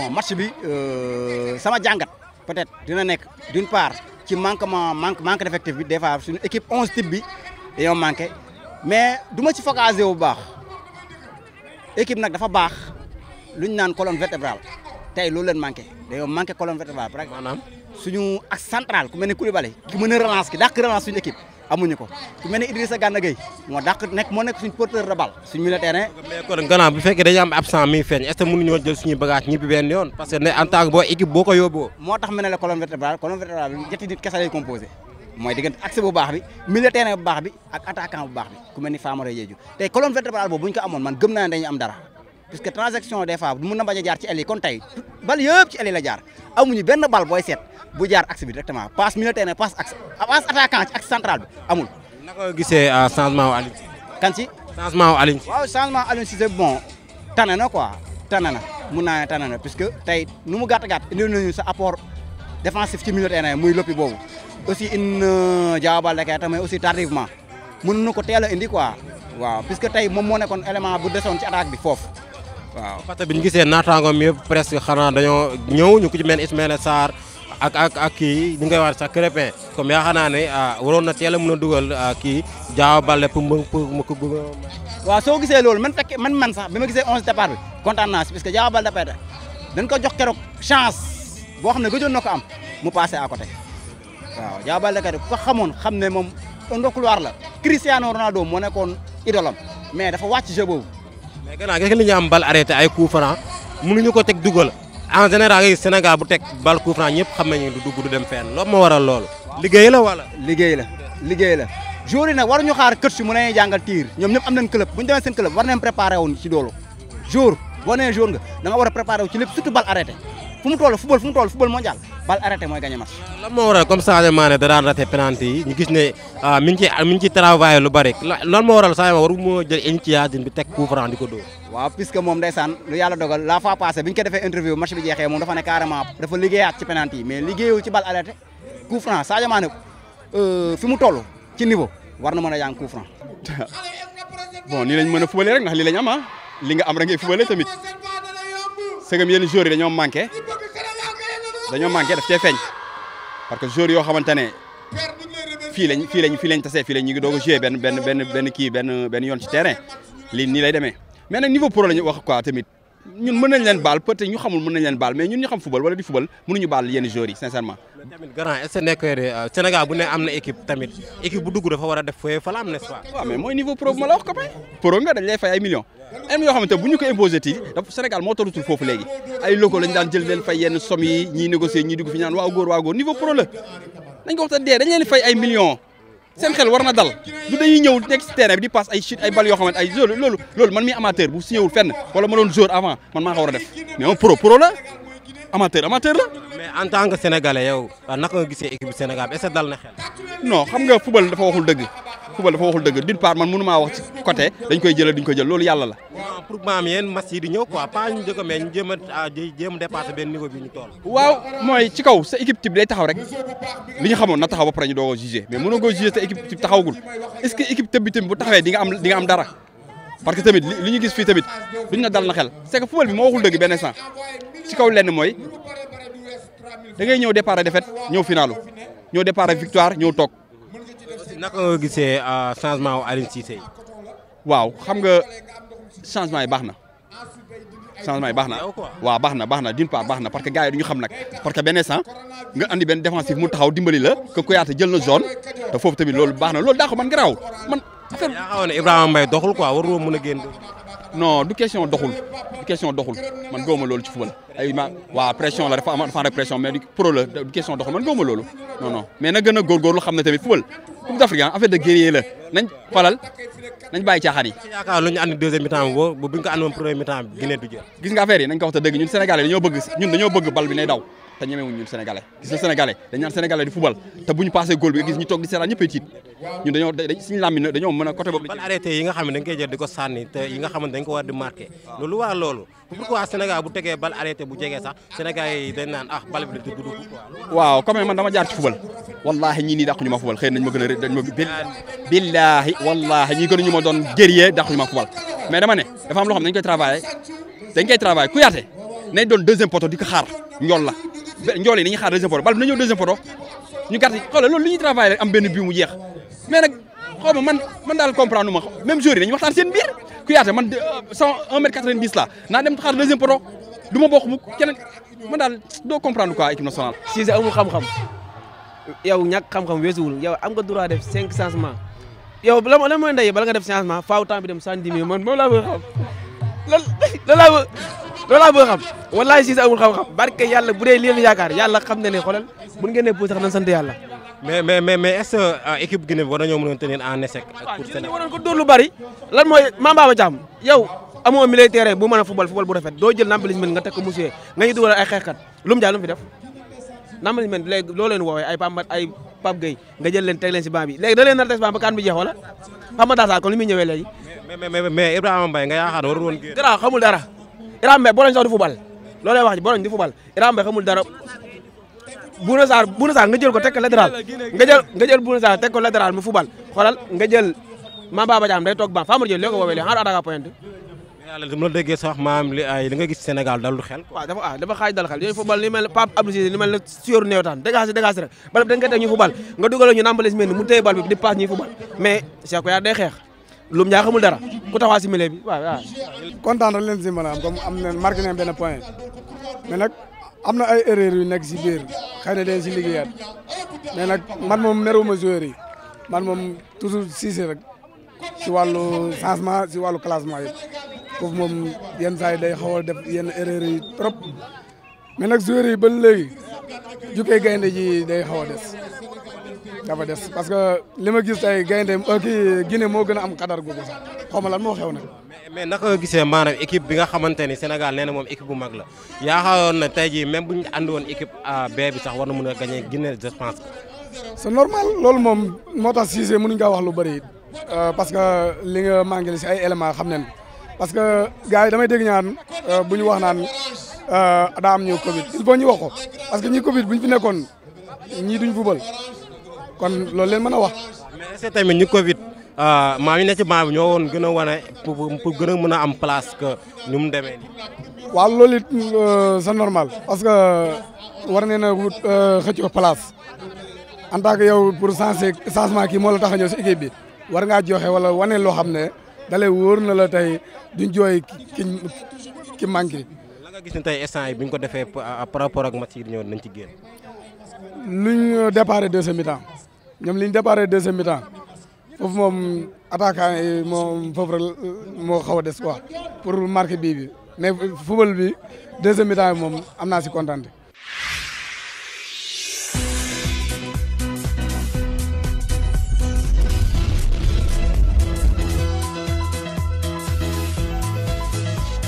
bon match bi euh, sama jàngat peut-être dina nekk d'une part ci manquement manque manque d'effectif bi des fois suñu équipe onze type bi dañoo manqué mais du ma ci focaliser bu baax équipe nag dafa baax lu ñu naan colonne vertébrale tey loolu leen manqué dañoo manqué colonne vertébrale. maanaam suñu ak central ku mel ne Koulibaly. ki mën a relance ki dàq relance suñu équipe. amuñu ko ku mel ne Idrissa Gana Gueye moo dàq nekk moo nekk suñ porteur de balle suñ milieu terrain. mais kon gannaaw bu absent mi feeñ est ce que mënuñoo jël suñuy bagage ñibbi benn yoon parce que ne en tant que moo tax mu ne la colonne vertébrale bi ñetti nit kese lay composé mooy diggante axe bu baax bi milieu terrain bu baax bi ak attaquant bu baax bi ku mel ni Famara Diédhiou tey colonne vertébrale ko amoon man gëm naa ne am dara puisque transaction des fois mun na bañ a jaar ci àll yi kon tey bal yëpp ci àll la jaar amuñu benn bal booy seet bu jaar axe bi directement passe milieu terrain passe axe passe attaquant ci axe central bi amul. naka nga gisee euh, changement Aliou Cissé. kan ci changement Aliou Cissé. waaw changement Aliou Cissé bon tane na quoi tane na mun naa ne tane na puisque tey nu mu gàtt gàtt indil nañu sa apport défensif ci milieu terrain muy loppi boobu aussi in euh, Diao Baldé Keita mais aussi tardivement mën na ko teel a indi quoi waaw puisque tey moom moo nekkoon élément bu desoon ci attaque bi foofu. waaw parce que bi ñu gisee naataangoom yëpp presque xanaa dañoo ñëw ñu ko ci mel Ismaïla Sarr ak ak ak kii ñu ngay wax sax Crépin comme yaakaar naa ne ah, waroon na teel a mën a dugal ah, kii Diao Baldé pour mu mu ko bëgg waaw soo gisee loolu man fekk man man sax bi ma gisee onze départ bi kontaan naa si parce que Diao Baldé perte dañ ko jox keroog chance boo xam ne gëjoon na ko am mu passé à côté waaw Diao Baldé kat ku ko xamoon xam ne moom ndokuluwaar la Cristiano Ronaldo moo nekkoon idolam mais dafa wàcc jeu boobu mais gannaaw gis nga li ñu am bal arrêté ay coup franc mënuñu ko teg dugal en yi Sénégal bu teg bal coup franc ñëpp xam nañu du dugg du dem fenn loolu moo waral lool liggéey la wala. liggéey la liggéey la joueurs yi nag ñu xaar kër si mu ne jàngal tiir ñoom ñëpp am nañ club bu ñu demee seen club war nañ préparé woon ci loolu jour boo nee jour nga da war a préparé wu ci lépp surtout bal arrêté fu mu toll fu mu toll football mondial bal arrêté mooy gagné match. lan moo waral comme Sadio Mané da daan raté penalty gis ne ah, mi ngi ciy lu bari lan moo waral Sadio Mané waru moo jël initiative teg coup di ko dóor. waaw puisque moom ndeysaan lu yàlla dogal la fois passée bi ñu ko defee interview match bi jeexee moom dafa ne carrément dafa liggéeyaat ci penalty mais liggéeyul ci bal arrêté coup franc Sadio euh, fi mu toll ci niveau war na mën a yang coup bon nii lañ mën a fubale rek ndax lii ah. li nga am rek ngay fubale dañoo manqué daf cee feeñ parce que joueurs yoo xamante ne fii lañ fii lañ fii lañ tasee fii lañ ñu ngi doog a joué benn benn benn benn kii benn yoon ci terrain lii nii lay demee mais nag niveau pro la ñu wax quoi tamit. ñun mën nañ leen baal peut-être ñu xamul mën nañ leen baal mais ñun ñu xam football wala di football mënuñu baal yenn joueurs yi sincèrement. tamit grand est-ce que euh, bu ne am na équipe tamit équipe bu dugg dafa war a def fooy fa la am n'est-ce pas. waaw mooy niveau pro ma la wax ko bay. pro nga dañ lay fay ay millions. am yoo xamante bu ñu ko imposé ti dafa Sénégal moo tollutul foofu léegi ay locaux lañ daan jël leen fay yenn somme yi ñiy négocier dee dañ leen fay ay millions seen xel war na dal du dañuy ñëw nekk si terrain bi di passe ay chute ay bal yoo ay loolu loolu man mi amateur bu signé wul fenn wala ma doon joueur avant man maa ko war a def mais pro pro la amateur amateur la. mais en tant que sénégalais yow naka nga gisee équipe Sénégal est-ce dal na xel. non xam nga football dafa waxul dëgg. Coumba dafa waxul dëgg d'une part man mënu maa wax ci côté dañ koy jëlee duñ ko jël loolu yàlla la. waaw a jéem a ah, dépassé mooy ci kaw sa équipe type day taxaw rek li ñu na taxaw ba pare a jugé mais tamit bu taxawee di tamit li ñu na dal na xel c'est football bi moo waxul dëgg benn instant ci kaw lenn mooy da ngay ñëw départ défaite ñëw finalu ñëw départ victoire ñëw toog naka nga gisee euh, changement wu Aliou Cissé yi. waaw xam nga changement yi baax na. changement yi baax na waaw baax na baax na d'une part baax na parce que gars yi du ñu xam nag parce que benn instant nga andi benn défensif mu taxaw dimbali la que Koyate jël na zone te foofu tamit loolu baax na loolu daa ko man garaaw man. yaa xamoon ne Ibrahima Mbaye doxul quoi waruloo mën a génn. non du question doxul du question doxul man góoma loolu ci football ay ma waa pression la dafa am mais du du question doxul man góoma loolu non non mais xam ne tamit football Coupe d'Afrique ah, affaire de guerrier la nañ falal nañ bàyyi caaxaan yi. yaakaar lu ñu andi deuxième mi-temps bi bu ñu ko andi woon premier mi-temps bi Guinée du jël. gis nga affaire yi nañ ko wax te dëgg ñun sénégalais dañoo bëgg ñun dañoo bëgg bal bi nay daw te ñemewuñ ñun sénégalais gis nga sénégalais dañ naan sénégalais di fubal te bu ñu passé góol bi gis ñu toog di seetaan ñëppay tiit ñun dañoo suñu làmmiñ na dañoo mën a côté boobu ban arrêté yi nga xam ne dañ koy jël di ko sànni te yi nga xam ne dañ ko war di marqué loolu waa loolu pourquoi Sénégal bu tegee bal arrêté bu jegee sax sénégalais yi dañ naan ah bal bi da dugg waaw comme man dama jaar ci fubal wallahi ñii nii dàqu ñu ma fubal a billahi wallahi ñii gënuñu ma doon guerrier dàqu ñu ma fubal mais dama ne am loo xam ne dañ koy travailler dañ koy ku yaate nañ doon deuxième poto di ko xaar la njool yi nañu xaar deuxième poto bal na ñëw deuxième poto ñu gàtt xoolal loolu li ñuy travailler rek am benn biu mu jeex mais nag xaw ma man man daal comprendre ma même jour yi dañuy waxtaan seen biir ku yaate man euh, cent un mètre quatre-vingt-dix la naa dem xaar deuxième poto du ma bokk mukk keneen man daal xam-xam yow ñàkk xam-xam weesuwul yow am nga droit def cinq changement yow lan lan mooy ndey bala nga def changement faaw temps dem cent dix mille man laa bëgg xam lan laa bëgg loolu laa bëgg xam wallaahi si sa amul xam-xam barke yàlla bu dee lii la yaakaar yàlla xam na ne xoolal bu ngeen ne pour sax nañ sant yàlla. mais mais mais mais est-ce que euh, équipe Guinée bi war nañoo mënoon tenir en échec. ak pour ko dóor lu bari lan mooy Mambaba Thiam yow amoo milieu terrain bu mën football football bu rafet doo jël nga teg ko mu nga ñu management léegi loo leen woowee ay Pape ay Pape Gueye nga jël leen teg leen si banc bi léegi da leen a teg si banc ba kan bi jeex wala Pape Matar Sarr kon li muy ñëwee léegi. mais mais mais Ibrahima Mbaye nga yaakaar warul woon. wax ji boroñ du fubal Ibrahima Mbaye dara Bouna Sarr Bouna Sarr nga jël ko teg ko latéral nga jël nga jël Bouna Sarr teg ko latéral mu fubal xoolal nga jël Mamba Badiane day toog baa Famara Diallo léegi ko woowee léegi xaaral attaque à pointe yàlla dama la déggee sax maam li ay li nga gis Sénégal dalul xel. bal bi dañ koy teg ñu football nga dugaloo ñu nambalis mel ni mu téye bal bi di passe ñuy xeex lum ñaa dara ku taxaw si milieu leen si mën a am na marqué nañ benn point mais nag am na ay erreurs yu nekk si biir xëy na dañ si liggéeyaat mais nag man moom meruma joueur yi man moom toujours Cissé rek si wàllu changement si wàllu classement yëpp foofu moom yenn saa yi day xaw a def yenn erreur yi trop mais nag yi ba léegi jukkee gaynde ji day xaw a des dafa des parce que li ma gis tey gaynde euh, kii Guinée moo gën a am xadar googu sax xaw ma lan moo xew nag. mais naka gisee maanaam équipe bi nga xamante ni Sénégal nee na moom équipe bu mag la yaakaaroon na tey jii même bu ñu andi woon équipe B bi sax war na mën a gagné Guinée je pense. c'est normal loolu moom moo tax Cissé mënuñ kaa wax lu bëri euh, parce que li nga màngali si ay éléments xam nañ parce que gars yi damay dégg ñaan euh, bu ñu wax naan euh, daa am ñëw Covid il faut ñu wax parce que ñi Covid bu ñu fi nekkoon ñii duñ fubal kon loolu leen mën a wax. mais est-ce que tamit ñi Covid euh, maam yi ne maam bi ñoo woon gën a wane pour pour gën a mën a am place que ñu mu demee nii. waa loolu it c'est normal parce que war nañ a wut xëccoo place en tant que yow pour sensé changement kii moo la ñëw si équipe bi war ngaa joxe wala wane loo xam ne. dalay wóor na la tey duñ jooy ki ki manqué. la nga gis ne tey instant yi bi ñu ko defee par rapport ak match yi ñëw nañ ci génn. luñ déparé deuxième mi-temps ñoom liñ déparé deuxième mi-temps moom attaquant yi moom foofu rek euh, moo xaw a des quoi pour marqué bii bi mais football bi deuxième mi-temps moom am naa si kontaan.